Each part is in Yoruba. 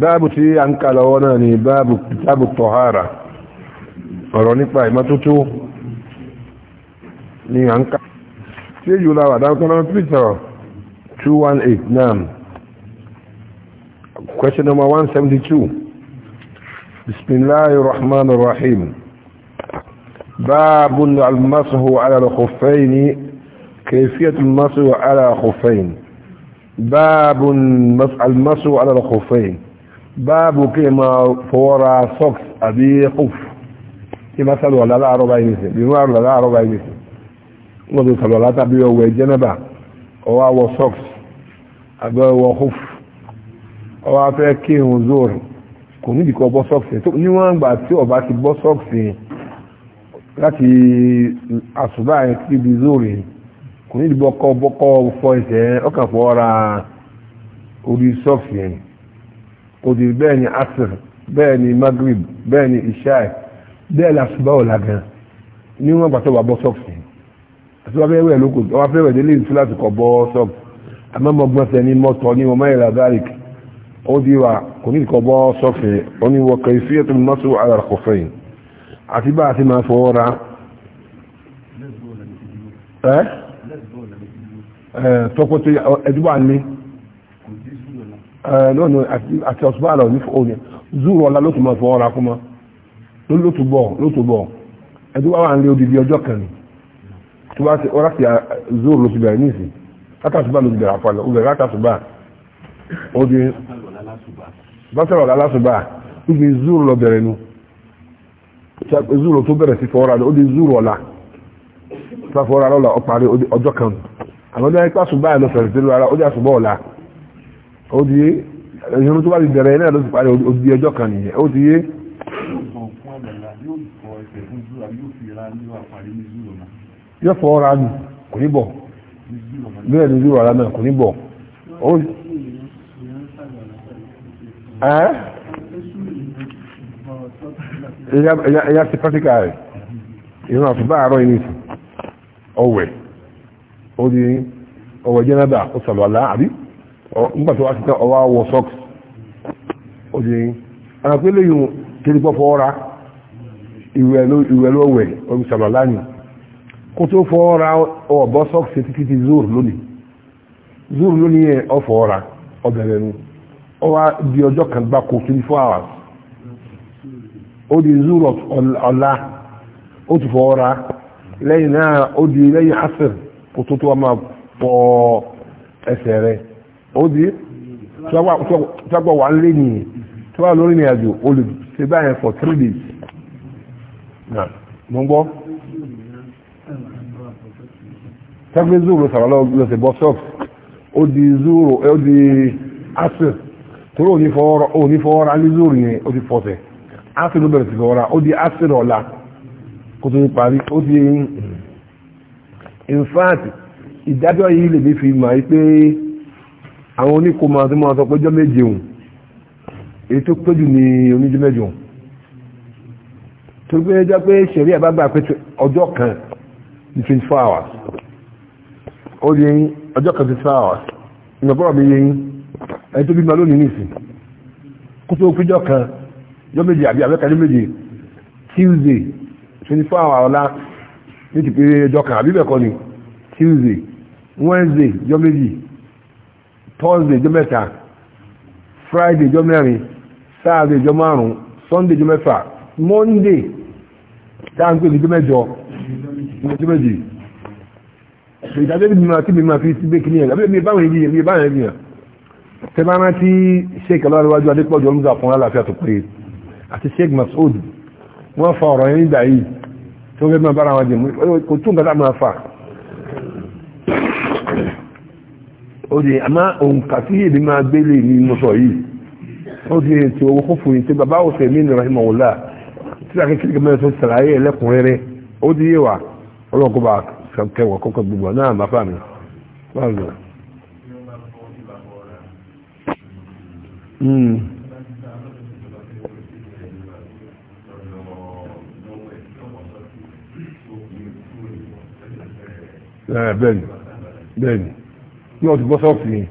báàbù tí a ń kà lọ́wọ́ náà ni báàbù kìtàbù tọ̀hárà ọ̀rọ̀ nípa ìmọ́tótó ni a ń kà tí èyí la wà dáńkọ́ lọ́wọ́ twitter 218 naam question number 172 bismillahir rahmanir rahim باب المسح على الخفين كيفية المسح على الخفين باب المسح على الخفين báàbù kí ẹ máa fọwọ́ra socks àbí kúf kí máa sàlọ̀ láàárọ̀ báyìí nìsẹ̀ bí wọ́n rọ̀ láàárọ̀ báyìí nìsẹ̀ wọ́n tó sàlọ̀ látàbí ọwọ́ jẹ́nẹ́bà ọwọ́ awọ socks àbí ọwọ́ kúf ọwọ́ afẹ́ kí ìhun zor kò ní ìdíkọ̀ bọ́ socks yẹn níwọ̀n gbà tí ọba ti bọ́ socks yẹn láti àsùbá yẹn ti odi bẹ́ẹ̀ ni asir bẹ́ẹ̀ ni magrib bẹ́ẹ̀ ni ishai bẹ́ẹ̀ ni asubawo lagan ní wọn gbàtọ́ wà bọ́ sọ́ọ̀sì asubawo fẹ́ wẹ̀ lóko wọn fẹ́ wẹ̀ délé ìtú láti kọ̀ bọ́ sọ́ọ̀sì àmọ́ mọ̀gbọ́n sẹ́ ni mọ́tọ́ ni wọ́n mẹ́rin lazaric ó di wa kò ní kọ̀ bọ́ sọ́ọ̀sì ó ní wọ́n kẹ́yì fíyẹ́tù mọ́sù alàkọ̀fẹ́yìn àti bá a ti máa fọwọ́ ra tọkọtẹ ẹdúbà ni lọ́nà eh, àti ọ̀sùnbà àlọ́ ní fòónì zúrù ọ̀la ló tún máa fọ ọ́ra kú mọ́ ló tún bọ̀ ló tún bọ̀ ẹ̀dùn wà wà ń lé odidi ọjọ́ kan tó bá ti ọ́ra sí eh, zúrù ló ti bẹ̀rẹ̀ ní ìsìn látàṣùbà ló ti bẹ̀rẹ̀ àfàlọ́ ó bẹ̀rẹ̀ látàṣùbà ó di bátàrọ̀ ọ̀la lásùbà ó di zúrù lọ bẹ̀rẹ̀ nu zúrù tó bẹ̀rẹ̀ sí fọ́ra ó di zúrù ọ̀la tó bá fọ́ra lọ́la ọ ó ti yé ìṣòro tó bá ti bẹ̀rẹ̀ náà ló ti parí ó di ọjọ́ kan nìyẹn ó ti yé. yóò fọ ọ́ ra nù kò ní bọ̀ bẹ́ẹ̀ ni zúrò ara náà kò ní bọ̀ ó ẹ̀yà ti pàtíkà rẹ̀ ìran àtúbà àárọ̀ inú ọwẹ̀ ó di ọwẹ̀ jẹ́nàdà ó sàlọ̀ àlá àbí nígbà tó wá sí ọwá wọ socks òdìrín àpẹẹlẹ yìí kiri pọ́ fọ́ọ́ra ìwẹ̀ ló wẹ̀ omi sàlọ́lá kó tó fọ́ọ́ra ọ̀bọ́ sọks títí ti zoro lónìí zoro lónìí yẹn ọ̀fọ́ọ́ra ọwá di ọjọ́ kan ó di ọ̀la ó ti fọ́ọ́ra lẹ́yìn náà ó di lẹ́yìn asir kó tó tó wá máa ẹsẹ̀ rẹ̀ Odi, di tọ́gbà wà lé ní tọ́gbà lórí ní àjò olùsẹ́ for three days Na, mo ń gbọ́ tọ́gbà zúrò sàrọ̀ lọ́sẹ̀ bọ́ sọ́ọ̀f ó di zúrò ó di asir tóró òní fọwọ́ra ní zúrò yẹn ó ti fọ́sẹ̀ asir ló bẹ̀rẹ̀ sí fọwọ́ra ó asir ọ̀la kó tó ní parí ó in fact ìdájọ́ yìí lè mi fi mọ̀ pé àwọn oníkó máa tó máa sọ pé ọjọ́ méje òun èyí tó péjù ní oníjọ́ mẹ́jọ òun tó gbé ẹjọ́ pé ṣẹ̀rí àbágbà pé ọjọ́ kan ní 24 hours ó di ẹyin ọjọ́ kan 24 hours ìgbàgbọ́ mi yẹ yín ẹni tó bí ma lónìí nìsín kó tó péjọ kan yọ méje àbí abẹ́ka ní méje Tuesday 24 hours ọ̀la ní ti pé ọjọ́ kan àbí bẹ́ẹ̀ ni Tuesday Wednesday yọ méjì thursday jọ mẹ́ta friday jọ mẹ́rin saturday jọ márùn sunday jọ mẹ́fà monday táàpé ní jọ mẹ́jọ ní jọ méjì ìdájọ́ bí mímọ̀ kí mímọ̀ fi sí bẹ́kì ní ẹ̀ lábẹ́ mi báwọn èyí mi báwọn èyí tẹ bá rán tí sheik aláríwájú adépọ̀jù olùgbà fún aláàfíà tó pé àti sheik masoud wọ́n fa ọ̀rọ̀ yẹn nígbà yìí tó fẹ́ máa bára wọn jẹ kò tún nǹkan tá máa fà ó di àmá òun kàtí èdè máa gbélé ní mọ́sọ̀ yìí ó di ètò owó kófò yìí tí bàbá òsè mí nìyàrá ìmọ̀ wòlá tí akékeré kí mẹ́rin tó sàlàyé ẹlẹ́kùnrẹ́rẹ́ ó di yé wa ọlọ́kọ́ bá kẹwàá kọ́kọ́ gbogbo náà má fà mí hmm. eh, bẹ́ẹ̀ni bẹ́ẹ̀ni ní ọdún bọ́ sọ́ọ̀fù ni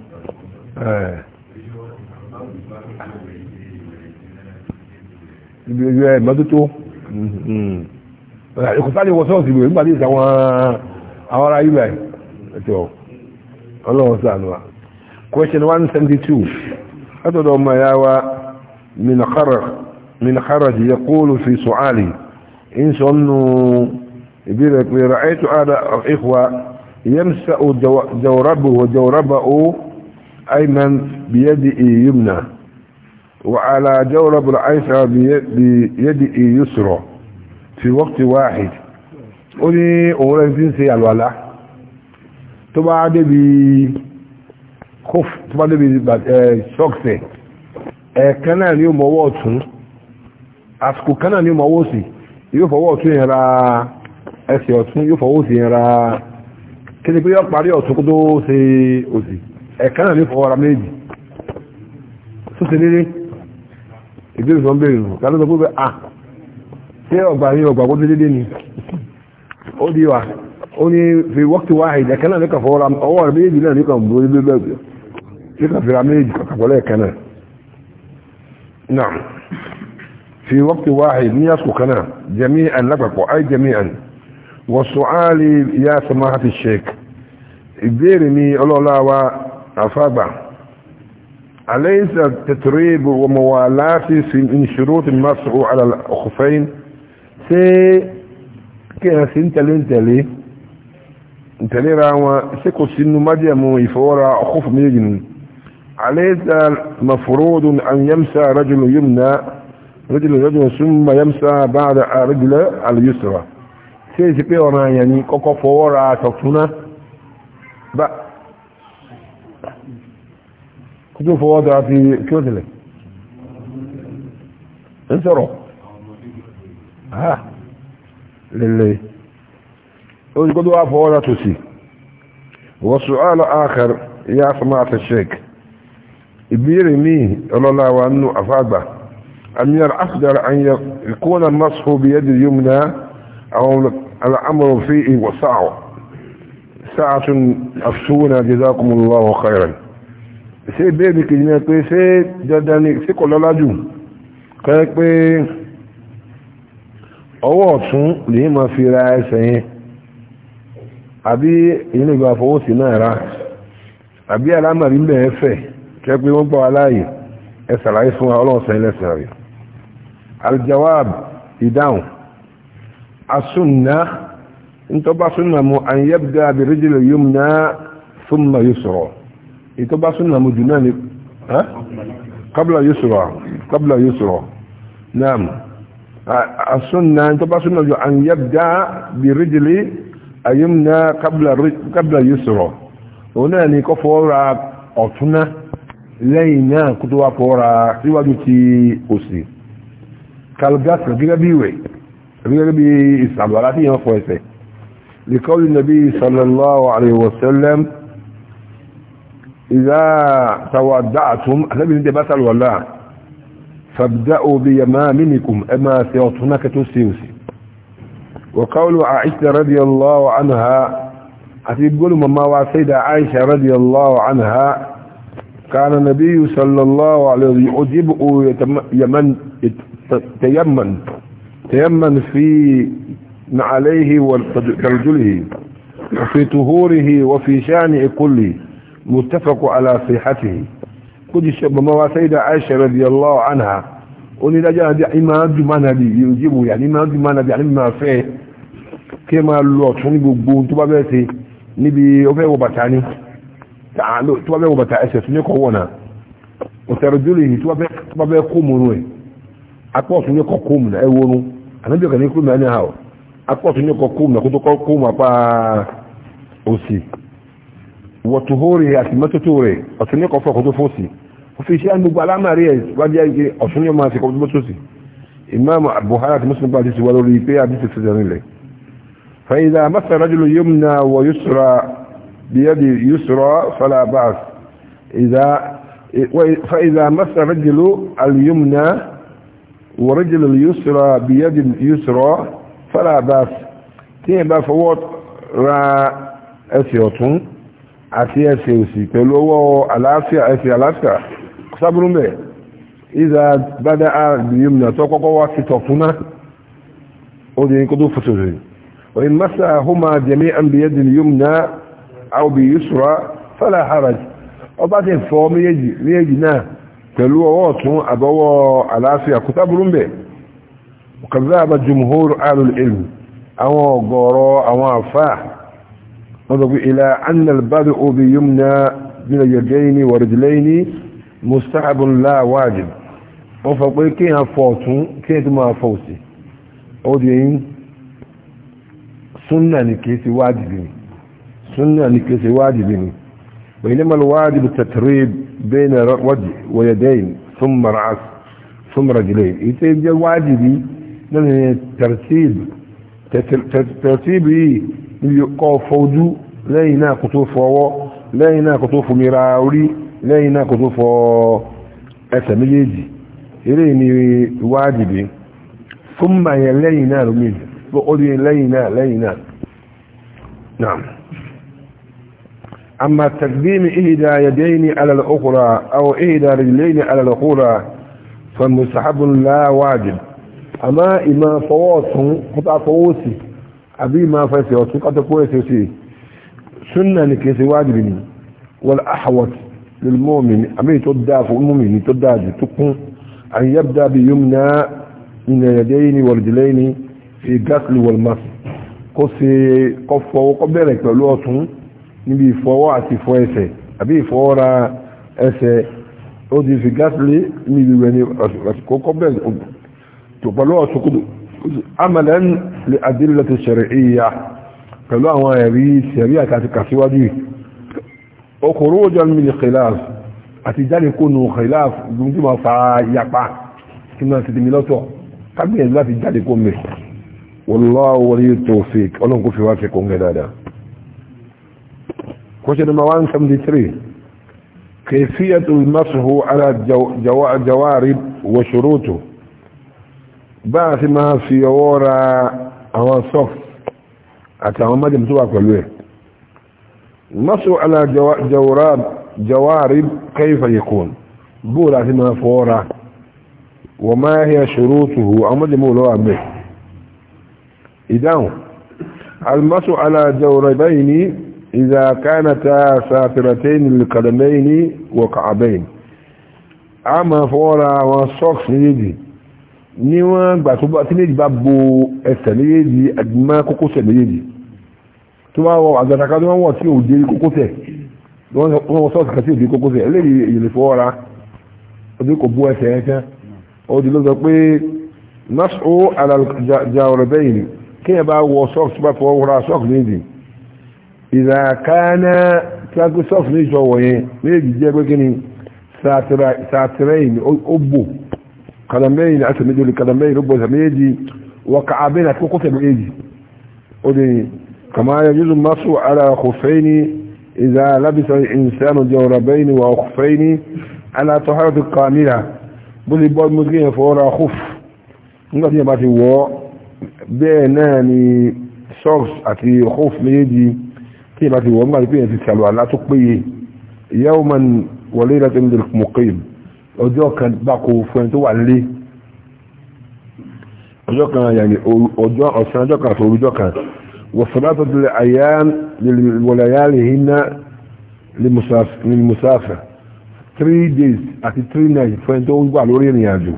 ibi ojú ẹ mọ́tótó ìkọ̀sá lè wọ sọ́ọ̀sì ìwé nígbà tí ìsàwọn àwọn ará ibẹ̀ ẹ̀tọ́ ọlọ́run sànù wa question one seventy two látọ̀dọ̀ ọmọ ẹ̀yà wa min kharaj yaqulu fi su'ali in sọ nù ìbílẹ̀ pé ra'aytu ada al-ikhwa يمسأ جوربه جوربه أيمن بيده يمنى وعلى جورب العيسى بيده يسرى في وقت واحد وني أولا تنسي الولاء تبعد بخف تبعد بشوكسي كان اليوم ووتن àsìkò kan náà ni ó mọ̀wọ́ sí yóò fọwọ́ ọ̀tún yẹn kíni pé yọ́ parí ọ̀tún kó tó ṣe òsì ẹ̀kan náà ní fọwọ́ ara méjì tó ṣe nílé ìgbésẹ̀ tó ń bèèrè nù kálọ́ sọ pé à ṣé ọgbà ní ọgbà kó dédé ni ó di wa ó ní fi wọ́ọ̀kì wáhìd ẹ̀kan náà ní kàn fọwọ́ ọwọ́ ara méjì náà ní kàn bó ní bẹ́ẹ̀ bẹ́ẹ̀ ní kàn fira méjì kàkàpọ̀lẹ́ ẹ̀kan náà náà fi wọ́ọ̀kì wáhìd ní àsìkò kan náà jẹ́mí àn lápapọ̀ àì jẹ́mí àn wọ́n sọ áàlì yá sọmáhàtì sheikh ìbéèrè ni ọlọ́láwà àfàgbà alaysa tẹ̀tẹ̀rẹ́bù ọmọ wa láti sí ìṣòro ti masu alàkùfẹ́yìn tí kí ẹ̀ sí tẹ̀lé tẹ̀lé tẹ̀lé ra wọn sí kò sínú májẹ̀mú ìfọwọ́ra ọkùfù méjì ni alaysa mafurodun an yamsa rajulu yumna rajulu rajulu summa yamsa ba'da rajulu al tí è sì pé kọ́kọ́ fọwọ́ra àtọ̀túnná بقى كتوف وضع في كتلك انزروا ها للي قلت قدوا فولا تسي وسؤال اخر يا سماعة الشيخ ابيري مي رلا وانو افادة ام يرأفدر ان يكون النصف بيد اليمنى او الامر فيه وصعه ساعة أفسونا جزاكم الله خيرا ṣe ìbéèrè kìí ní pé ṣe dandan ní sí kò lọ́lájù kẹ́ pé ọwọ́ ọ̀tún lè máa fi ra ẹsẹ̀ yẹn àbí ìyẹn lè gba àfọwọ́sí náà rà àbí alámàrí ń bẹ̀ẹ́ fẹ̀ kẹ́ pé wọ́n gbọ́ aláàyè ẹ ṣàlàyé fún wa ọlọ́ọ̀sẹ̀ ẹlẹ́sìn rẹ̀ aljawab ìdáhùn asúnnà ntọ́ba súnà mu an yabda bi rijil yumna thumma yusra ìtọ́ba súnà mu jùlọ ni qabla yusra qabla yusra naam السنة تبقى سنة أن يبدأ برجل أيمنا قبل قبل يسرى هنا نكفورا أطنا لينا كتوا فورا سواجتي أسي كالغاس رجل بيوي رجل بي إسعب ولا تيما فويسي لقول النبي صلى الله عليه وسلم إذا تودعتم النبي دي بسأل ولا فابدأوا بيمامنكم أما سيوتنك تسيوسي وقول عائشة رضي الله عنها حتي هتقول مما وسيدة عائشة رضي الله عنها كان النبي صلى الله عليه وسلم يمن تيمن تيمن في عليه وكرجله وفي تهوره وفي شانه كله متفق على صحته قد شبما سيدة عائشة رضي الله عنها قل إذا جاء إما دمان بي يجيبه يعني إما دمان بي يعني ما فيه كما اللوت ونبقون تبا بيتي نبي أفيه وبتاني تعالوا تبا بيه وبتا أسف نيكونا وترجله تبا بيه قومون أكواس نيكو قومنا أيوانو أنا بيكا نيكو معنى هاو akọ́tún ní ọkọ̀ kóòmù nàkótó kọ́ kóòmù apá òsì wọ̀tòhórè àti mẹ́tótó rẹ̀ ọ̀tún ní ọkọ̀ fún ọkọ̀ tó fòsì ó fi ṣe àgbègbè alámàrí ẹ̀ wájú ayé ọ̀tún ní ọmọ àti ọkọ̀ tó fòsì imam buhari àti muslim bá ti ti wá lórí pé àdìsí ti dẹ̀rin lẹ̀ masa rajulu yumna wa yusra biyadi yusra fala ba's idha فإذا مس رجل اليمنى ورجل اليسرى بيد اليسرى fara bas tí yẹn bá fọwọ́ ra ẹsẹ̀ ọ̀tún àti ẹsẹ̀ òsì pẹ̀lú ọwọ́ àlàáfíà ẹsẹ̀ àlàáfíà sábúrú mẹ́ ìzà bádá àbìyàn nà tó kọ́kọ́ wá sí tọ̀fúnná ó di ní kó tó fòtò rẹ̀ òyìn mẹ́sà àhúmà jẹ̀mí àbìyàn dì yóò nà àwòbí yusra fala haraj ọba ti fọ méjèèjì náà pẹ̀lú وكذاب جمهور اهل العلم او غورو او افا نظر الى ان البدء بيمنى من اليدين ورجلين مستحب لا واجب وفقوا كيها فوتون كيها ما فوسي او دين سنة نكيسي واجبين سنة نكيسي واجبين بينما الواجب التتريب بين وجه ويدين ثم رأس ثم رجلين يتيب جا واجبي لان الترتيب ترتيب ايه قفودو لينا قطوف وو لينا قطوف ميراوري لينا قطوف اتميجي يريني واجبي ثم يلينا رميل بقولي لينا لينا نعم أما تقديم إهدى يدين على الأخرى أو إهدى رجلين على الأخرى فمسحب لا واجب àmọ́ ìmọ̀ fọwọ́ ọ̀tún kọ́tà fọwọ́ òsì àbí ìmọ̀ fẹsẹ̀ ọ̀tún kọ́tà fọwọ́ ẹsẹ̀ òsì súnà ní kìí ṣe wájìbì ni wal ahwat lil mu'min àmì tó dáa fún mu'min tó dáa jù tó kún an yabda bi yumna min yadayni wal rijlayni fi ghasl wal mas kó تقبلوا سقوط عملا لأدلة شرعية قالوا أما يري شريعة كاتكاسوا دي وخروجا من الخلاف أتجال يكون خلاف جمجي ما فايقا كنا تدميلاتو قبل الله تجال يكون مش والله ولي التوفيق ولن كفي وافقون هذا question number 173 كيفية المسح على الجوارب وشروطه bá a ti máa fi ọwọ́ ra àwọn sọ́f àti àwọn májèm tó wà pẹ̀lú ẹ̀ masu ala jawari kaifa yakun bóòlù àti máa fọ́ ra wọ́n máa hiya shurutuhu àwọn májèm olówà bẹ̀ ìdáhùn المسو على جوربين إذا كانتا سافرتين للقدمين وكعبين أما فورا وصوكس يجي ní wọ́n gbà tó bá tí méjì bá bo ẹsẹ̀ méjèèjì àgbìmọ́ kókósẹ̀ méjèèjì tó bá wọ àgbàtàkà tó wọ́n wọ̀ tí òde kókósẹ̀ wọ́n wọ sọ́ọ̀sì kan sí òde kókósẹ̀ eléyìí èyàn fọwọ́ ra òde kò bú ẹsẹ̀ ẹ̀ tán òde ló sọ pé nọ́ọ̀sì ó àlàjà ọ̀rọ̀ bẹ́yìn ni kéèyàn bá wọ sọ́ọ̀sì bá fọwọ́ ra sọ́ọ̀sì méjì ìdàkáná tí a gbé sọ́ọ̀sì méjì sọ wọ̀nyẹn méjì jẹ́ pé kí ni sàtìrẹ́yìn kàdàmbẹ́yìn láti méjì olè kàdàmbẹ́yìn ló gbọ́sẹ̀ méjì wọ kàábẹ́yìn àti kókósẹ̀ méjì ó lè kàmá yẹjúzù masu ara kòfẹ́ni ìzà alábìsọ ìsẹ́nu jọrọ̀bẹ́yìn wà kòfẹ́ni alátọ́hárọ̀tì kàmíra bó lè bọ́ mọ́sí yẹn fọ́ra kóf nígbà tí yẹn bá ti wọ́ bẹ́ẹ̀ náà ni socks àti kóf méjì tí yẹn bá ti wọ́ nígbà tí yẹn ti sàlùwà látó péye yawman wọlé láti ń dèrè mọ́kẹ́yìn ọjọ́ kan gbáko fún ẹni tó wà nílé ọjọ́ kan yàní ọjọ́ ọ̀sán ọjọ́ kan àti orújọ́ kan wọ̀sọ̀lá tó tilẹ̀ àyà wọ̀lẹ̀yàlì hinna lè musafir three days àti three nights fún ẹni tó wà lórí ìrìn àjò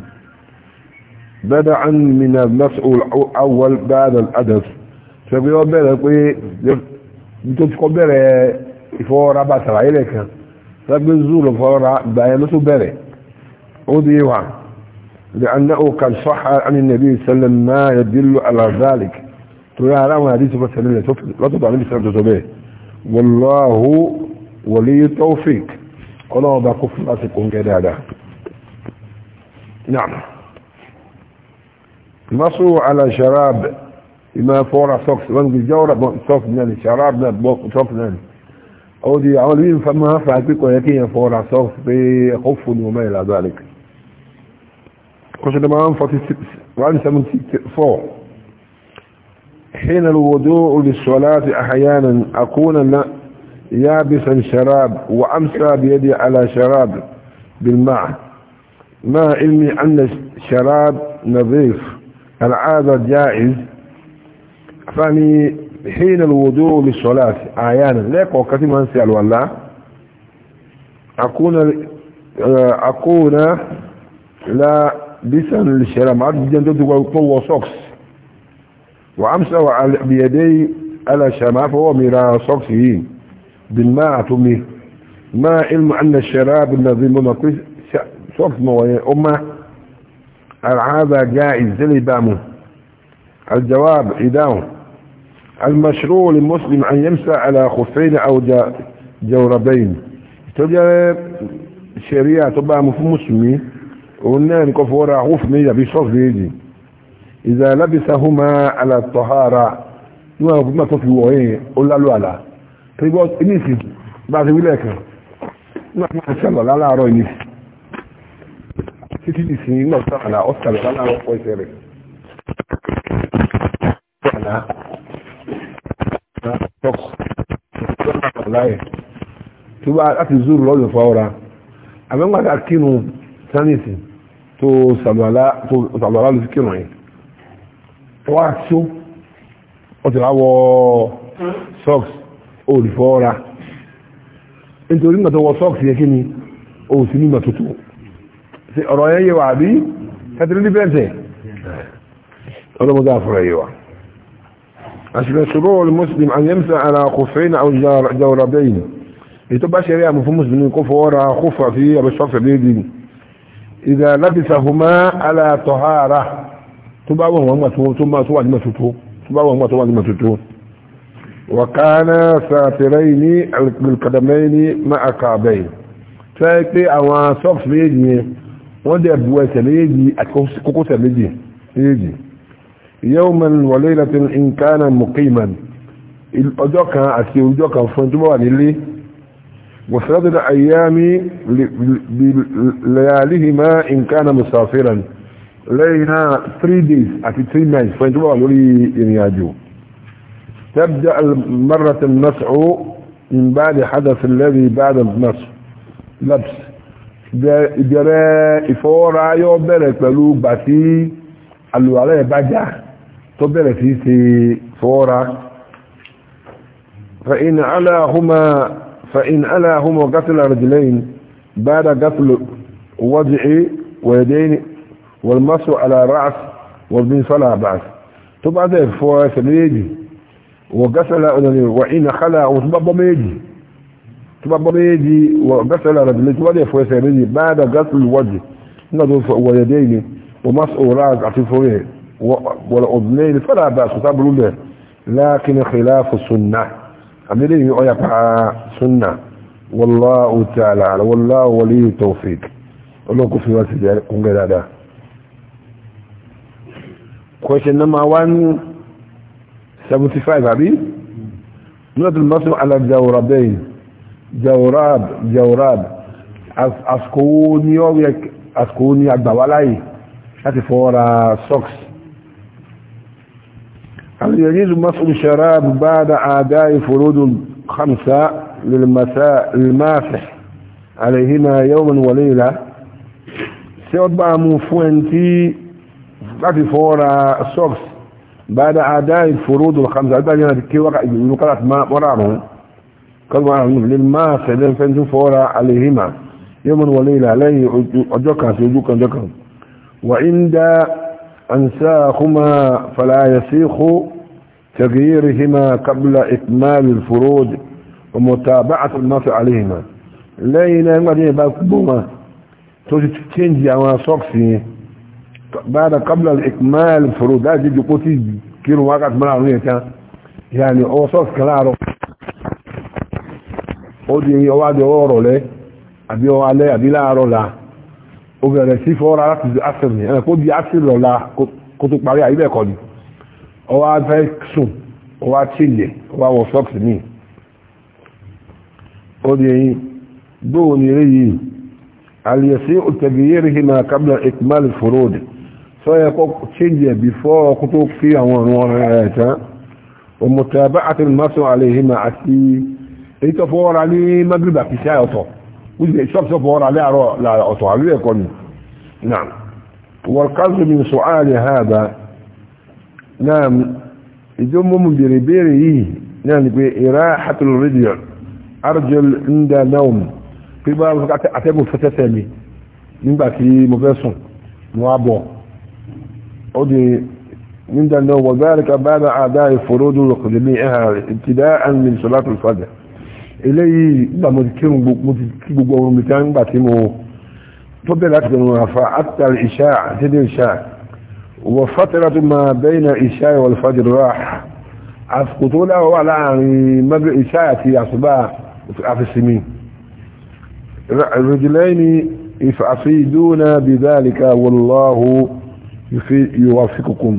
بدعا من المسؤول الأول بعد الأدف sẹ́gbẹ́ ọ bẹ̀rẹ̀ pé tó ti kọ́ bẹ̀rẹ̀ ìfọwọ́ra bàtàrà ilẹ̀ kan sẹ́gbẹ́ zuu lọ gbà ẹ̀ lọ́sọ bẹ̀rẹ̀ أضيوا لأنه قد صح عن النبي صلى الله عليه وسلم ما يدل على ذلك ترى على حديث مثلا لا تضع النبي صلى الله عليه والله ولي التوفيق ọlọ́wọ́ bá kó fún lásìkò ń gẹ́ dáadáa náà masu ala sharab ima fọ́ra socks wọ́n gbé jọ́ra socks náà ni sharab náà bọ́ socks náà ni ó di àwọn olùyìn fa máa fa pípọ̀ yẹ kí yẹn fọ́ra socks pé ẹ̀kọ́ fún ni wọ́n mẹ́rin lábẹ́ àlẹ́kì حين الوضوء للصلاة أحيانا أكون يابسا شراب وأمسى بيدي على شراب بالماء ما علمي أن الشراب نظيف العادة جائز فاني حين الوضوء للصلاة أحيانا ليك وكثير ما أنسي والله أكون آه، أكون لا لسان الشرام عبد جندد وطوى صوكس وعمسه بيدي على شماء فهو ملا سوكسه بالماء تمه ما علم ان الشراب الذي منقص سوكس مويه امه هذا جائز زلي لبامه الجواب إداه المشروع للمسلم أن يمسى على خفين أو جوربين تجرب شريعة تبقى مسلمين òun náà ní kó fọwọ́ ra húf méjì àbí ṣọ́ọ̀f méjì ìzà lábìsà húmà alàtọ̀hárà níwọ̀n àwọn òkúta tó fi wọ̀ yẹn ó lálọ́ àlà tó bọ́ inísì bá ti wílẹ̀ kan níwọ̀n àwọn àṣàlọ̀ láláàárọ̀ inísì títí ìsìn náà sàlà ọ̀sàlọ̀ láláàárọ̀ pọ̀ ìṣẹ̀ rẹ̀ tó bá láti zúrù lọ́dún fọ́ra àmẹ́gbàdà kínú tán nìsí tó sàlùwàlá ló fi kírun yẹn wá tó wọ́n ti láwọ socks olùfọ́ ra nítorí mọ̀tò wọ socks yẹ kí ni òun sì ní mọ̀tò tó ọ̀rọ̀ yẹn yẹ wà bí kẹtìrìndì bẹ́ẹ̀ ọlọ́mọdé àfọ̀rọ̀ yẹ wà àṣìlẹ̀ ṣòro olùmọ́sílìm àyẹ́mísà ara kòfẹ́ ní àwọn jàwọ̀rọ̀ bẹ́yìn ètò bá ṣe rí àmì kó fọ́ ra kófà sí àbẹ́sọ́fẹ̀ méjì إذا لبسهما على طهارة تباوه وما ثم سوى لما تتو تباوه وما سوى لما تتو وكان ساترين بالقدمين مع كعبين فايكي أو صف ميجي ودي أبوات ميجي أكوكوت ميجي ميجي يوما وليلة إن كان مقيما الأجوكا أسيوجوكا فانتبوا عن اللي وثلاثة ايامي بلياليهما إن كان مسافرا لينا 3 days أتي 3 nights فانتبقى لولي ينياجو تبدأ مرة النسع من بعد حدث الذي بعد النسع لبس جراء ìfọwọ́ra يو بلت pẹ̀lú باتي tí عليه bá تو tó bẹ̀rẹ̀ sí ṣe fọwọ́ra فإن هم قتل رجلين بعد قتل وجع ويدين والمس على رأس وابن فلا بعث تبقى ده فواس ميجي وقتل وإن خلا وتبقى ميجي تبقى ميجي وقتل رجلين تبقى ده فواس ميجي بعد قتل وجه نظر ويدين ومس أوراق عطفوه والأذنين فلا بأس تبلو به لكن خلاف السنه أميري أيقع سنة والله تعالى والله ولي التوفيق الله كفي واسد كن غير هذا question number 175 أبي نقطة المصر على الجوربين جوراب جوراب أسكوني أسكوني أبدا ولاي هاتي فورا سوكس هل يجوز مصر الشراب بعد اداء فرود خمسة للمساء الماسح عليهما يوما وليلة مو فوينتي قد فورا سوكس بعد اداء الفروض الخمسة عدنا نتكي وقع نقلت ما ورامه كل ما أعلم للماسح لن فنتو فورا عليهما يوما وليلة عليه أجوكا سيجوكا أجوكا وعند أنساخما فلا يسيخ تغييرهما قبل إكمال الفروض ومتابعة الناس عليهما لينا مدينة باكبوما توجد تنجي أو صوكسي بعد قبل الإكمال الفروض لا تجي قوتي كيلو وقت ملعونية يعني أو صوص كنارو أو دي يوادي أورو لي أبي أو علي أبي لا أورو لا ó bẹ̀rẹ̀ sí fọ́ra láti di asir ni ẹ̀kọ́ di asir lọ́la kó tó parí àyíbẹ̀ ẹ̀kọ́ ni ó wá fẹ́ sùn ó wá chílẹ̀ ó wá wọ sọ́ọ̀sì míì ó di ẹyin gbóò ní eré yìí àlìyẹsí òtẹ̀gìyẹ́rì hìmà kábílà ìkìmálì fòròdì sọ yẹ kó chílẹ̀ bí fọ́ kó tó fi àwọn ọ̀run ọ̀rẹ́ ẹ̀ tán òmùtàbá àti mọ́sán àlè hìmà àti èyí tó fọ́ra ní magrib wíjẹ ìṣọ́pṣọ́pọ̀ ọ̀rọ̀ alẹ́ àárọ̀ ọ̀tọ̀ àlú ẹ̀kọ́ ni náà wọ̀kánlù mi sọ ààrẹ ààbá náà ìjọ mọ́mù bèèrè bèèrè yìí náà ni pé ìrá hatul rédíò arjel ndà náà pé bá atẹ́gùn fẹ́tẹ́tẹ́ mi nígbà tí mo fẹ́ sùn mo á bọ̀ ó di ndà náà wọ̀ bá rí ka bá àdá ìfòròdù lọ́kùnrin ní ẹ̀hà ibtida'an min salatul fajr eléyìí nígbà mo ti kírun mo ti kí gbogbo ọrùn mi tán nígbà tí mo tó bẹ̀rẹ̀ láti gbẹ̀rún àfa àtàl ìṣá àtẹ́dẹ́ ìṣá wọ fátẹ́rà tó máa bẹ́yìn ìṣá ìwọ̀l fàjìrì rà àsìkò tó dáwọ́ wà láàrin mẹ́bẹ̀ ìṣá àti àṣùbà àfisìmí rìjìlẹ́ni ìfàfidúnà bìdálìkà wọláhù yuwafikukun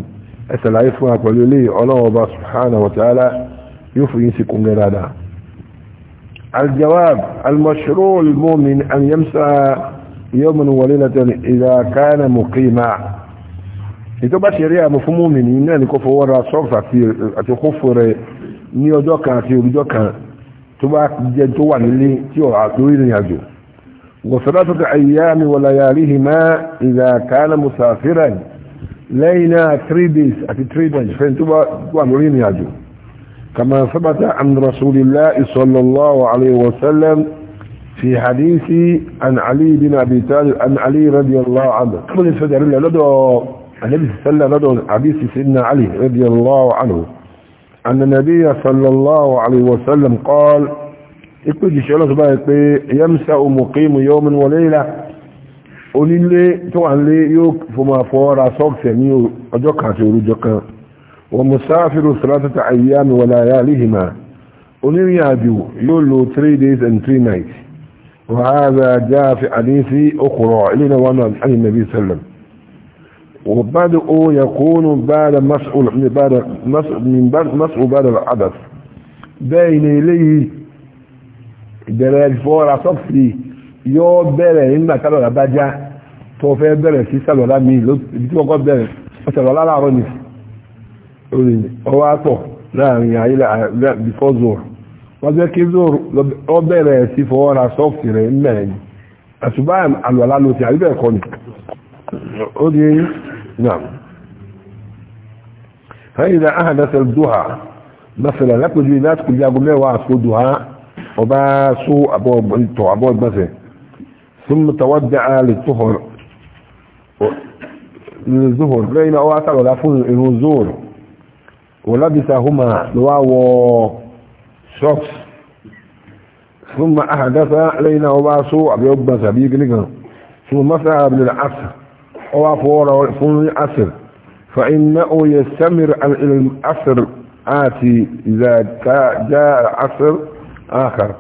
ẹsẹ̀ láyé fún àpẹẹlú ilé ọlọ́wọ́ bá subhanahu wa ta'ala yóò fòyín sí kúngẹ́ dáadáa الجواب المشروع للمؤمن أن يمسى يوما وليلة إذا كان مقيما إذا بشريا مفهوم من إن كفر ورا صوف في أتكفر نيودوكا في ودوكا تبا جنتوا للي تيو عطوين يجو وثلاثة أيام ولياليهما إذا كان مسافرا لينا تريديس أتي تريديس فإن تبا وانولين يجو كما ثبت عن رسول الله صلى الله عليه وسلم في حديث عن علي بن أبي طالب عن علي رضي الله عنه قبل الفجر لدو النبي صلى الله عليه وسلم حديث سيدنا علي رضي الله عنه أن النبي صلى الله عليه وسلم قال اكتب شعله بايك يمسأ مقيم يوم وليلة قولي لي توعن لي يوك فما فورا صوك سميو أجوك هاتي ورجوك ومسافر ثلاثة أيام ولياليهما أولي يادو يولو 3 days and 3 nights وهذا جاء في حديث أخرى إلينا عن النبي صلى الله عليه وسلم وبدء يكون بعد مسؤول بعد من بعد مسؤول بعد العدث بين لي دلال فورا sọ́fì يو بلا إما kálọ̀lá لبجا توفي بلا سيسال ولا sí sàlọ̀lá mi بلا سيسال ولا لا bẹ̀rẹ̀ ọwọ́ àtọ̀ láàrin àyílẹ̀ before zoro wọ́n jẹ́ kí zoro ọ bẹ̀rẹ̀ sí fọwọ́ ra sọ́ọ̀tì rẹ̀ ńlẹ̀ ni àṣùbá àlùwàlá ló ti àríbẹ̀ kọ́ ni ó di náà fẹ́yìnlẹ̀ ahàdẹ́sẹ̀ dùhà lọ́sẹ̀lẹ̀ lápẹjú láti kò jágo mẹ́wàá àṣọ dùhà ọba só àbọ̀ ìgbọ̀nsẹ̀ ثم تودع للظهر للظهر لين أو أتبع لفون ولبسهما لواو شخص ثم أحدث لينا وباسو أبي أبا سبيك لك ثم مسح ابن العصر وفور فن العصر فإنه يستمر إلى العصر آتي إذا جاء العصر آخر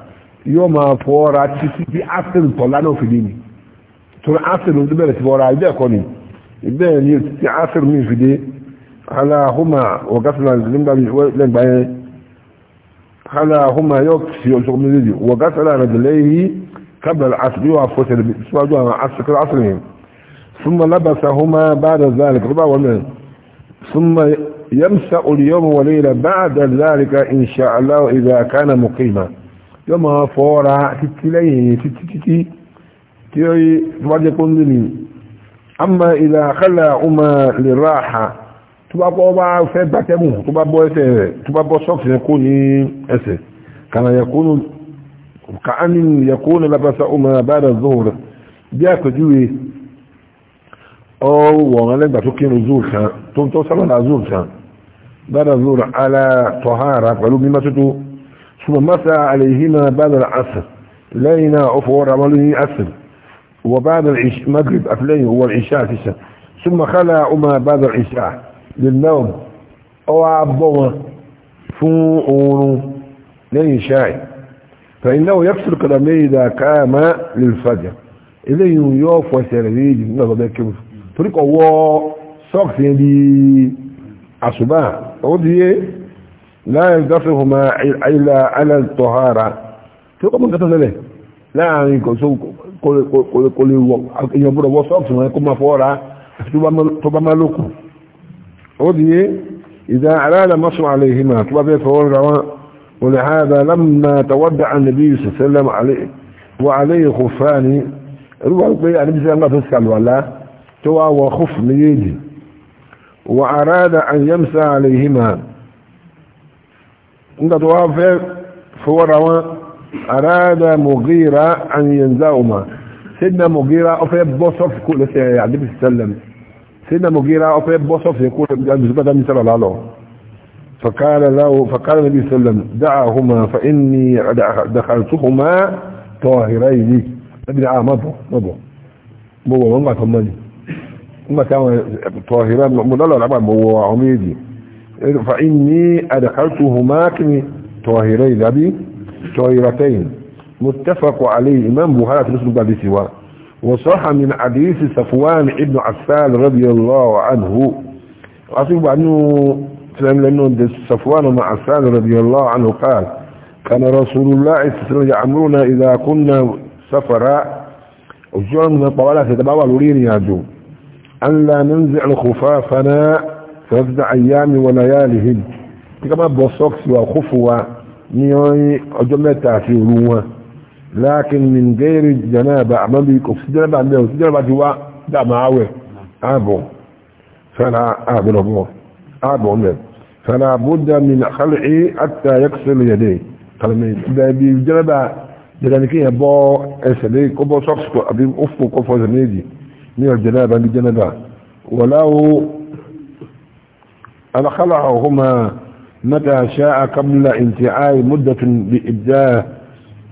يوم فورا تسيبي عصر طلانو في ديني تقول عصر ودبرت فورا يبقى كوني يبقى عصر مين في ديني على هما وقفنا yẹn aláhùmá yóò fi ọ̀ṣọ́kọ́ méjèèjì wọ̀gásílá rẹ̀dẹ̀lẹ́ yìí kábẹ̀rẹ̀ àṣìlú wà fọ́sẹ̀ síwájú àwọn ثم لبسهما بعد ذلك ربع ومن ثم يمسأ اليوم وليلة بعد ذلك إن شاء الله إذا كان مقيما يوم فورا تتليه تتتتي تيوي تواجه كنزلي أما إذا خلعهما للراحة tó bá bọ́ bá fẹ́ gbàtẹ́gùn tó bá bọ́ ẹsẹ̀ rẹ̀ tó bá bọ́ sọ́ọ̀kì yẹn kó ní ẹsẹ̀ kàná yẹkónú kàánì yẹkónú labasa ọmọ abáda zoro bí àpèjúwe ọ wọ̀n lẹ́gbàá tó kírun zoro kan tó ń tọ́ sábàlá zoro kan بعد الظهر على طهارة قالوا بما تتو ثم مسى عليهما بعد العصر لينا أفور عمله أسر وبعد المغرب أفلين هو العشاء تسا ثم خلى أما بعد العشاء lilnaum ọwọ́ abọ́ wọn fún oorun lẹ́yìn ṣáì fẹ̀yìnláwò yẹ́kùsùn kọ̀dà méjì dà káàmà lilfajr eléyìn yóò fọ́sẹ̀ rẹ̀ méjì nígbà tó bẹ́ kéwù torí kọ̀ wọ́ sọ́ọ̀kì yẹn di àṣùbà ó di yé láàrin gáfẹ́ hùmà àìlà alẹ́tọ̀hárà tí ó kọ́ mọ́ gátọ́ lẹ́lẹ̀ ودي إذا أعلان مصر عليهما طلبه فور الرواء ولهذا لما تودع النبي صلى الله عليه وسلم عليه وعليه خفان رواه النبي صلى يبسي يعني الله فسكال ولا توا وخف ميدي وأراد أن يمسى عليهما عند توافع فور الرواء أراد مغيرة أن ينزعهما سيدنا مغيرة أفيد بصف كل سيئة يعني وسلم الله سيدنا مغيرة أفعل بوصف يقول بسبب صلى الله عليه فقال له فقال النبي صلى الله عليه وسلم دعهما فإني دخلتهما طاهرين النبي دعاه مضوا مضوا مضوا مضوا ثماني ثم كان طاهران مضلل العباد مضوا عميدي فإني أدخلتهما كمي طاهرين أبي طاهرتين متفق عليه إمام بخاري في نسبة سواه وصح من حديث صفوان ابن عفان رضي الله عنه أصيب أنه لأنه صفوان ابن عفان رضي الله عنه قال كان رسول الله صلى الله عليه وسلم إذا كنا سفراء من طوالة تتباوى يا جو أن لا ننزع خفافنا فرد أيام وليالهم كما سوى وخفوة نيوي أجمع تأثيرون لكن من غير الجنابة ما بيكون في جنابة عنده في جنابة جوا دا معاوي أبو فلا أبو أبو أبو من فلا بد من خلعه حتى يكسر يديه قلمين ده بجنابة جنابكين يبو أسلي كبو شخص أبي أفو كفو زميدي من الجنابة بجنابة ولو أنا خلعهما متى شاء قبل انتهاء مدة بإبداه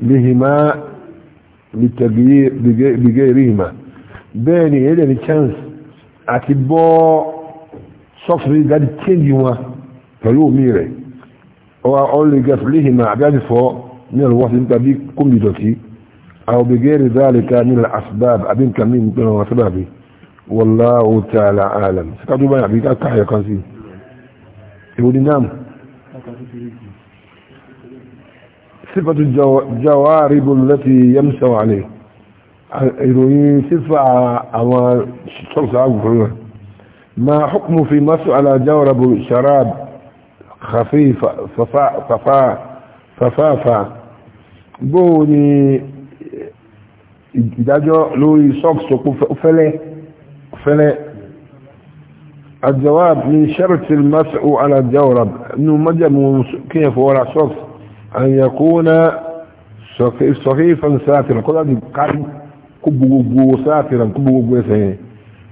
lihima bigayirihima bẹ́ẹ̀ ni èyí ni chance àti bọ́ sọ́fìrí dáadé tíyẹ̀dì wọn pẹ̀lú omi rẹ̀ ọwọ́ ọlẹ́gẹ̀ lihima àbíájú fọ́ ní ọlọ́wọ́sí tàbí kómi dọ̀tí àwọn bigayiri dáadéka ní asbab àbí nǹkan ní ìpínlẹ̀ wọn sábàbí wallahu ta'ala alam síkàtúbà àbí ká káyọ̀ kan sí ìwòdí náà صفة الجوارب التي يمسو عليه إذا صفة أو شخص عقله ما حكم في مسو على جورب شراب خفيف ففا ففا ففا بوني إذا إداجو لوي صفص وفلة فلة الجواب من شرط المسء على الجورب انه مجم كيف ولا شخص أن يكون صحيفا ساترا قد قال كبو ساترا كبو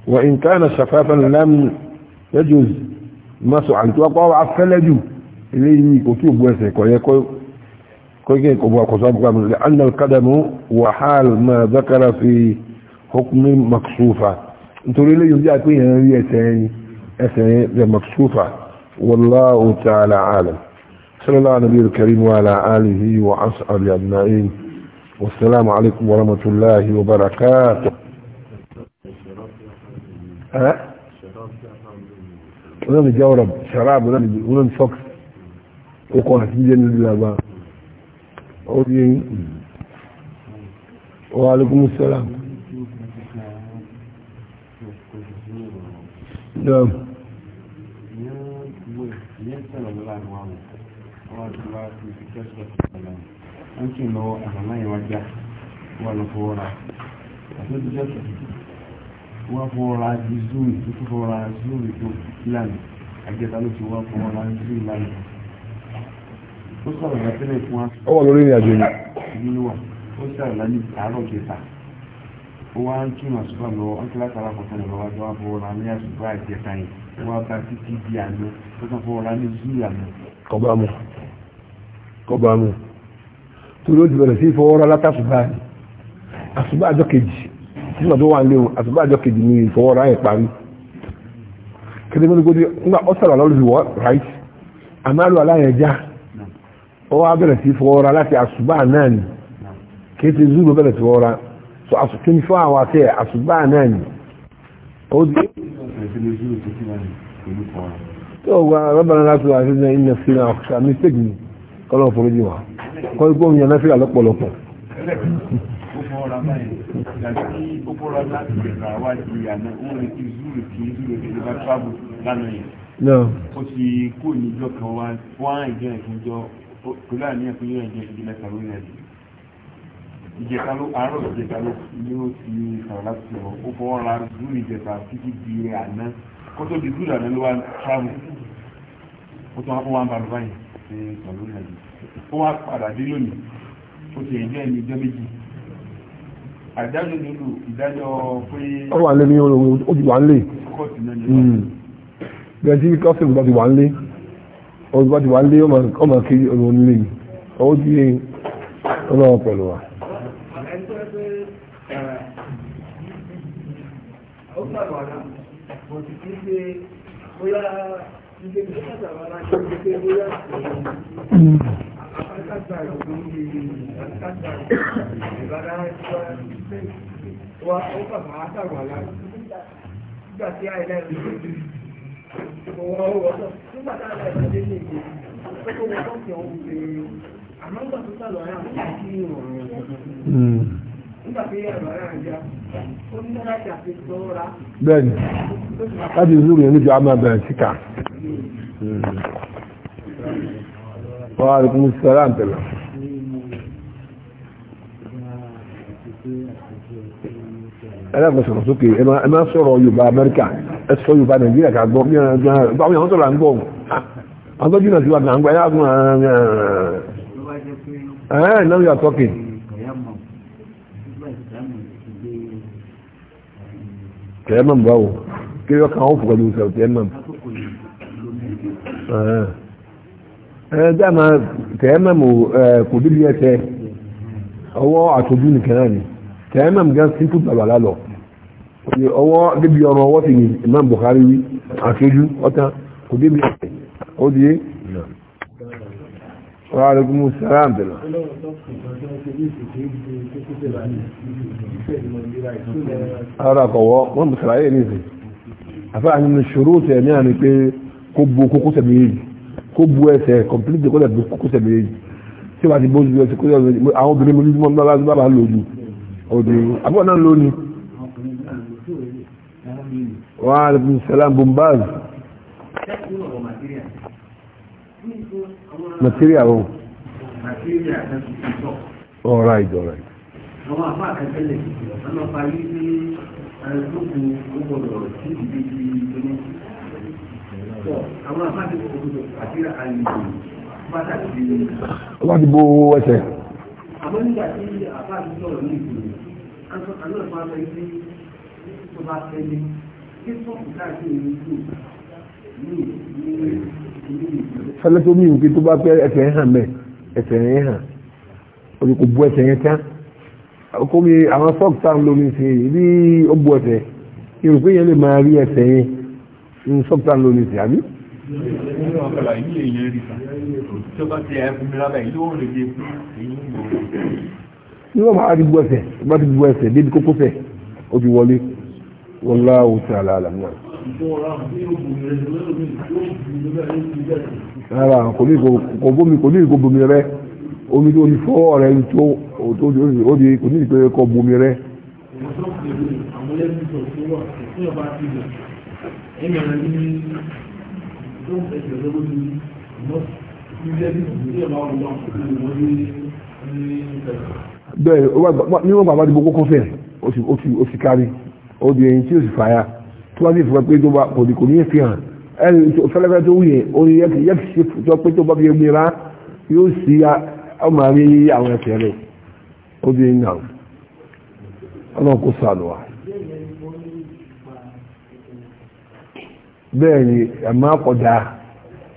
وإن كان شفافا لم يجوز مسو عن توقع عفلجو إليه كتوب وسه كويكو كويكين كبو كوزاب لأن القدم وحال ما ذكر في حكم مكشوفة انتوا ليه يجي أكوين هنا ليه أسعي أسعي مكشوفة والله تعالى عالم صلى الله على نبينا الكريم وعلى آله وأصحابه أجمعين والسلام عليكم ورحمة الله وبركاته ها أه؟ ونن جورب شراب ونن ونن فوكس وكون حتيجة لله وعليكم السلام نعم wọ́n sì lọ àmàlà yẹn wá já wọ́n lọ fọwọ́ ra àti ojú jẹ́sẹ̀ wọ́n fọwọ́ ra di zoom tó fọwọ́ ra zoom tó lánàá àjẹta ló ti wọ́n fọwọ́ ra zoom lánàá ó sọ̀rọ̀ yẹn tẹ́lẹ̀ fún wa. ó wà lórí ìrìn àjò yìí. ìdílé wa ó sọ̀rọ̀ lálẹ́ àárọ̀ kẹta ó wá ń túmọ̀ àṣùbà lọ ọ́nkíláàsì alákọ̀ọ́kọ́ ní bàbá tó wá fọwọ́ ra ní àṣùbà àjẹta yìí ó wá bá títí di àná ó sọ fọwọ́ ra ní zoom àná. kọ torí ó ti bẹ̀rẹ̀ sí ìfọwọ́rọ́ látàṣùgbà ni àṣùgbà àjọ kejì tí wọ́n tó wà nílé àṣùgbà àjọ kejì ni ìfọwọ́rọ́ ayẹ̀ parí kéde mẹ́rin gbódé nígbà ó sọ̀rọ̀ lọ́rùn ìwọ́ right àmàlù aláyẹjá ó wá bẹ̀rẹ̀ sí ìfọwọ́rọ́ láti àṣùgbà náà ni kí ti zúlù bẹ̀rẹ̀ sí ìfọwọ́rọ́ so àṣùkí ni fún àwọn àti àṣùgbà náà ni ó di. tó o gba rọ́bà náà láti wà sí ilẹ̀ ìnà sí ilẹ̀ àkùsà mistake ni kọ́lọ́ kọ́ igbó yẹn lẹ́fíà lọ́pọ̀lọpọ̀ no. ó ti kú níjọ́ kan wá wọ́n á ìjọ ìjọ pẹ̀lú àníyàn fún yóò ìjọ ìjìnlẹ̀ sàrò rẹ̀ ìjẹta ló àárọ̀ ìjẹta ló ní ó ti sọ̀rọ̀ láti sọ̀rọ̀ ó fọwọ́ ra zúrù ìjẹta títí di àná kó tó di zúrù àná ló wá travel ó tún wá ń bá lọ báyìí ṣe sọ̀rọ̀ rẹ̀ yìí ó wá padà dé lónìí ó ti ẹ̀jẹ́ ẹni ìjọ méjì àdájọ́ nílò ìdájọ́ pé ó wà lé ní olówó ó ti wà ń lè hmm. bẹ́ẹ̀ tí kọ́sìn bá ti wà ń lé ó ti bá ti wà ń lé ó máa kiri olówó nílé ni ó ti yé ọlọ́wọ́ pẹ̀lú wa. ó gbàgbọ́ náà mo ti kí ṣe bóyá ìgbésẹ̀ àtàwọn aláṣẹ ìgbésẹ̀ bóyá wa ó bàbá àtàwà láti nígbà tí àìlẹ́ rẹ̀ ọwọ́ ọwọ́ nígbà tí àìlẹ́ rẹ̀ dé ní ìgbè ó kó wọ́n kọ́ọ̀tì ọ̀hún ṣe àmọ́ nígbà tó sàlọ̀ ayé àwọn ìdí ìrọ̀rùn nígbà tí ẹ̀rọ وعليكم السلام تلا ẹ̀rẹ́ ìfẹsọ̀rọ̀ sókè ẹ máa sọ̀rọ̀ Yorùbá Amẹ́ríkà ẹ sọ Yorùbá Nàìjíríà kà gbọ́ bí àwọn àwọn sọ̀rọ̀ à ń gbọ́ ah, àwọn tó jìnà sí wa náà ń gbọ́ ẹ̀yà fún ẹ̀ẹ́ now you are talking. kẹ̀yẹ́ mọ̀ báwo kí ọkàn ó fò pẹ̀lú sẹ̀rọ̀ kẹ̀yẹ́ mọ̀ ẹgbẹ́ ma tẹ́ẹ̀mẹ̀mù kò débi ẹsẹ̀ ọwọ́ àtọ́jú nìkan náà ni tẹ́ẹ̀mẹ̀mù gan sínkù bàbàlá lọ ọwọ́ débi ọrọ̀ ọwọ́ sì ni Imam Bukhari wí àtọ́jú ọ̀tán kò débi ẹsẹ̀ ó di wa alaikum salam bẹ̀rẹ̀. ara kọ̀wọ́ wọ́n mú sàlàyé nìyí àfẹ́ àyìnbó ṣòro tẹ̀ ní àná pé kó bo kókó sẹ̀mí yìí kó bu ẹsẹ̀ complete kó dàbí kókó sẹ̀ méjèèjì tí wàá ti bó ju ẹsẹ̀ kó dàbí àwọn obìnrin mojú mọ́ bá bá bá lòdù obìnrin àbúrò náà lónìí. wa alaikum salam bombaz. material o. all right all right. àwọn àfa àkàtẹ́lẹ̀ ọlọ́pàá yìí ní ẹ̀ẹ́dógún ọgbọ̀dọ̀ tí ìdíje ìdíje àwọn àbájáde òkúdó àti àyíkò pàtàkì bó ẹsẹ̀ àwọn nígbà tí àbájáde sọ̀rọ̀ ní ìgbìmọ̀ àwọn ọ̀pá ọmọ ilé tó bá tẹ́lẹ̀ kí sọ́ọ̀pù káàkiri ní ìgbìmọ̀ fẹ́lẹ́ tó ní ìwé tó bá pẹ́ ẹsẹ̀ yẹn mẹ́ ẹsẹ̀ yẹn ń sọ́kítà lónìí sí àbí. nínú ọ̀kadà yìí èèyàn rí kan tí ó bá ti ẹ̀ fún mi lábẹ́ yìí ló rèé pé èyí ń gbòòrò. ní wọ́n máa ti gbọ́ ẹsẹ̀ bá ti gbọ́ ẹsẹ̀ débi kókó fẹ̀ ó ti wọlé wallahu ta'ala a'lam. rárá kò ní kò bómi kò ní kò bómi rẹ omi tó ní fọ́ ọ̀rẹ́ tó tó kò ní kò bómi rẹ ẹ̀mí ní tó ń fẹsẹ̀ lọ́wọ́ ní bẹ́ẹ̀ ní wọ́n bàbá dìbò kókó fẹ́ ó sì kárí ó di ẹyin tí ó sì fàyà tí wọ́n sì fún pé tó bá kò kò ní fi hàn ẹni fẹ́lẹ́fẹ́ tó wúyẹ ó ní yẹ́kì ṣe tó pé tó bá fi ẹgbẹ́ rá yóò sí ọmọ rí àwọn ẹ̀kẹ́ rẹ̀ ó di ẹyin náà ọlọ́run sànù wa. bẹ́ẹ̀ ni ẹ̀mọ́ akọ̀dá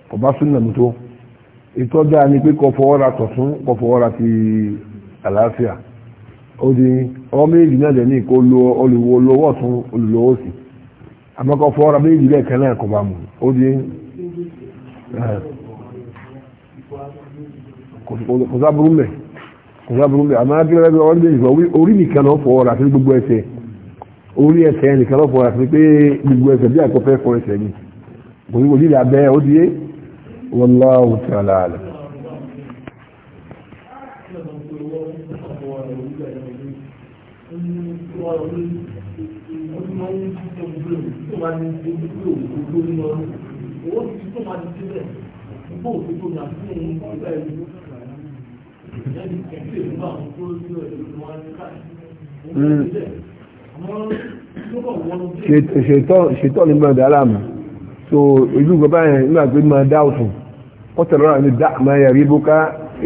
kò bá súnà tó ni pé kọ fọwọ́ra tọ̀tún kọ fọwọ́ra ti àlàáfíà ó di ọmọ méjì náà lẹ́ni kó lo olùwò lọ́wọ́ tún olùlọ́wọ́ sí àmọ́ kọ fọwọ́ra méjì lẹ́ẹ̀kan náà kọ bá mú ó di kò sábúrú mẹ́ kò sábúrú mẹ́ àmọ́ orí nìkan náà gbogbo ẹsẹ̀ orí ẹsẹ̀ ẹnìkan lọ́pọ̀ àti pé gbogbo ẹsẹ̀ bí àkọ́fẹ́ fọ ẹsẹ̀ ni kò ní kò ní ìlàbẹ́ ó di é wallahu ta'ala alam. Mm ṣètọ́ ní gbọ́dọ̀ aláàmù so ojú gbọ́dọ̀ yẹn nígbà pé máa dá òtún kọ́tẹ̀ lọ́rọ̀ ní dá máa yẹ̀rí bóká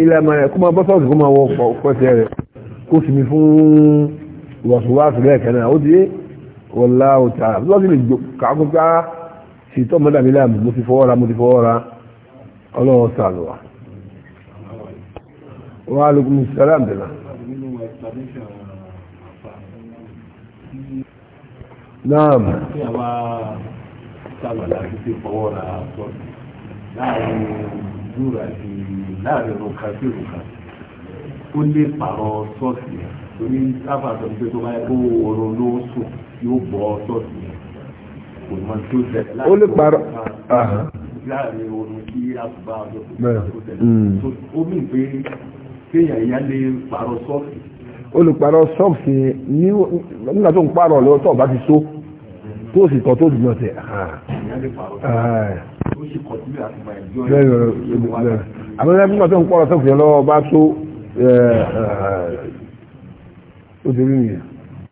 ilẹ̀ máa yẹ̀ kó máa bọ́ sọ́ọ̀sì kó máa wọ pọ̀tẹ̀ rẹ̀ kó sì mi fún ìwàsùwàsù lẹ́ẹ̀kan náà ó ti wọlá òtà lọ́sì lè kàákó ká ṣètọ́ mọ́dàmí láàmù mo ti fọwọ́ra mo ti fọwọ́ra ọlọ́wọ́ sàlùwà. wa alaikum salam bẹ̀rẹ̀ naam ó lè pààrọ̀ sọ́ọ̀sì yẹn torí sábà sọ pé tó bá yẹ kó oorun ló ń sùn yóò bọ́ sọ́ọ̀sì yẹn kò mọ tó tẹ̀lé láàrin ó lè pààrọ̀ láàrin oorun kí àtúbà ọjọ́ tó tẹ̀lé ó mì pé kéèyàn ìyá lè pààrọ̀ sọ́ọ̀sì olùpàrọ̀ sọ́ọ̀sì nígbà tó ń pààrọ̀ lọ tó bá ti só tó sì kọ́ tó dùn ọ̀tẹ̀ ah. àmọ́ nígbà tó ń pààrọ̀ sọ́ọ̀sì lọ́wọ́ bá tó eh, eh, ó ti rí nìyẹn